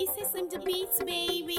It's a simple Beats, baby.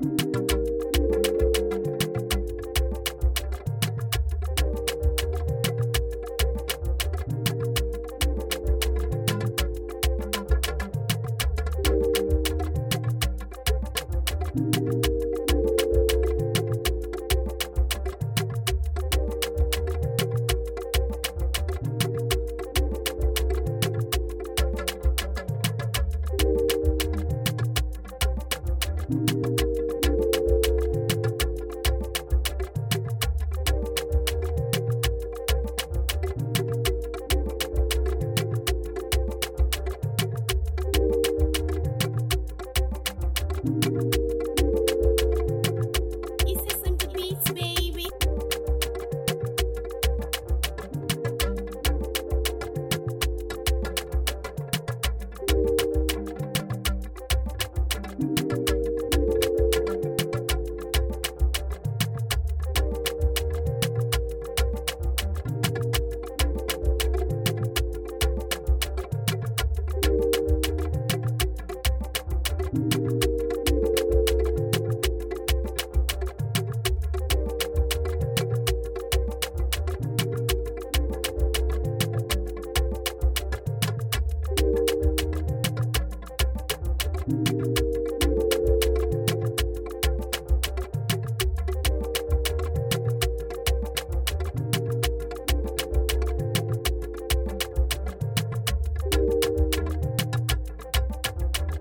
Thank you.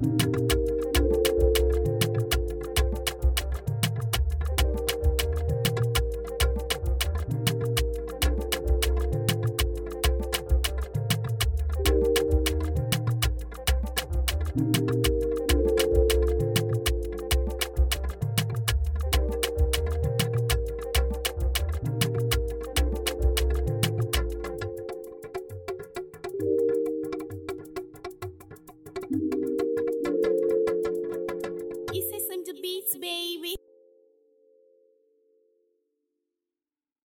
Thank you